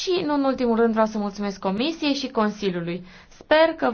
Și, nu în ultimul rând, vreau să mulțumesc Comisiei și Consiliului. Sper că